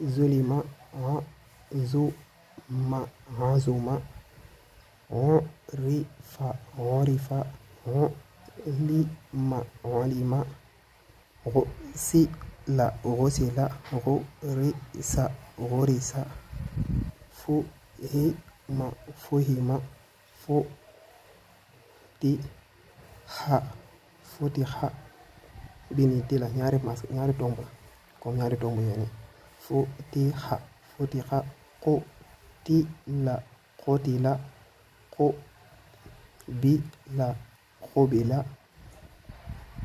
zulima azuma azuma urifa urifa ulima ulima غسل غسل غرس غرس فهم فهم فتح فتح bi nii di la ñaari mas ñaari tomb comme ñaari tomb yooyu futiha futiha qutila qutila qubila qubila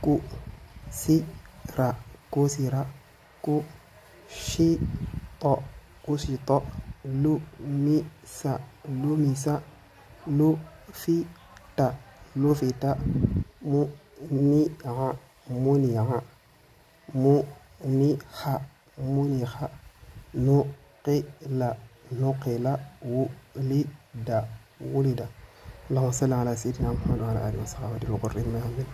kusira kusira kushita kushita lumisa lumisa lufita lufita muni'a muni'a muniha منخ نقل نقل ولد la اللهم salli ala sayyidina Muhammad wa ala alihi wa sahbihi wa sallam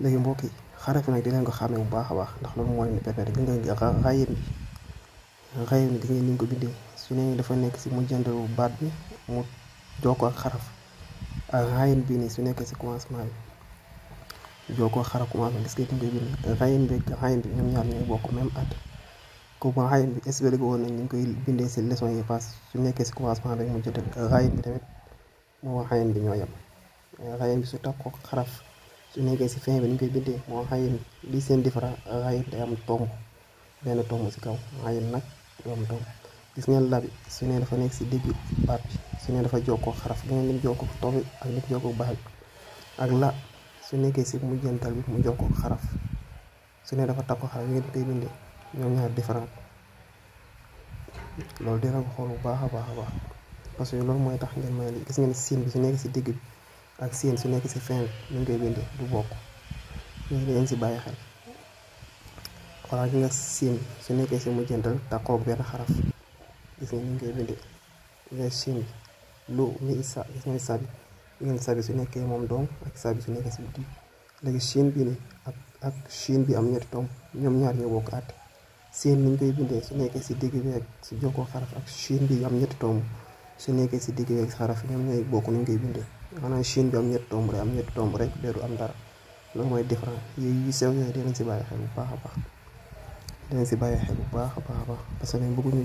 léegi mbokk yi xaraf nag di leen ko xàmmee bu baax a baax ndax loolu moo leen di permettre gi nga xayma xayma gi ngeen ni ko bindee su ne dafa nekk si mu jënd baat bi mu jokkoo bi nii su nekkee si commencement bi gis nga mu koy ñaar bokk même at. coupon rayon bi expliqué woon nañ ñu koy bindee si leçon yi pass su nekkee si commencement rek mu jot rayon bi tamit moo rayon bi ñoo yem rayon euh, bi su takkoo xaraf su nekkee si fin bi ni ñu koy bindee moo rayon bi li seen différent rayon day am tomb benn tomb si kaw rayon nag du am tomb gis ngeen labi su ne dafa nekk si digg baat bi su ne dafa jokkoo xaraf beneen lim jokkoo tomb bi ak lim jokkoo baat bi ak la su nekkee si mujjantal bi mu jokkoo xaraf su ne dafa takkoo xaraf ngeen koy bindee ñoom ñaar différent loolu dina ko xool baax a baax a baax parce que loolu mooy tax ngeen may gis ngeen siin bi su nekk si digg bi ak siin su nekk si fin bi ñu koy bindee du bokk ñun dañ bàyyi xel xoolal gi nga siin su nekkee si mujjantal taxaw benn xaraf gis ngeen ñu koy bindee nga siin bi lu ñu isa gis ngeen sabi ngeen sabi su nekkee moom doom ak sabi su nekkee si digg léegi siin bi nii ak siin bi am ñetti doom ñoom ñaar ñoo bokk seen niñ koy bindee su nekkee si digg bi ak si ko xaraf ak shin bi am ñetti tomb su nekkee si digg bi ak ñoom ñooy bokk nuñ koy bindee maanaam shin am ñetti tomb am ñetti tomb rek bee du dara loolu mooy différent yooyu yu sew yooyu dinañ si bàyyi xel bu baax a baax dinañ si bàyyi xel bu baax a baax a baax parce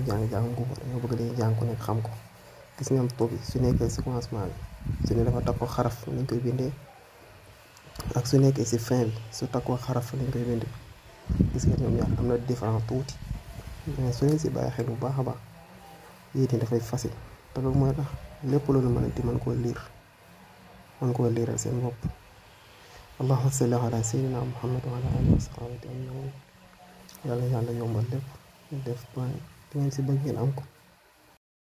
jàng jàng ko dañoo bëgg xam ko gis ñoom to bi su nekkee si commencement bi su ne dafa takkoo xaraf lañ koy bindee ak su nekkee si fin su takkoo xaraf lañ koy bindee gis nga ñoom am na différence tuuti mais si bàyyi xel bu baax a baax yéen ñi dafay facile ta loolu mooy tax lépp loolu mën a di koo liir mën koo liiral seen bopp allahumma salli ala sayyidina muhammad wa ala alihi wa sahbihi ajmain yàlla yàlla yombal lépp def ba ngeen si bëgg ngeen am ko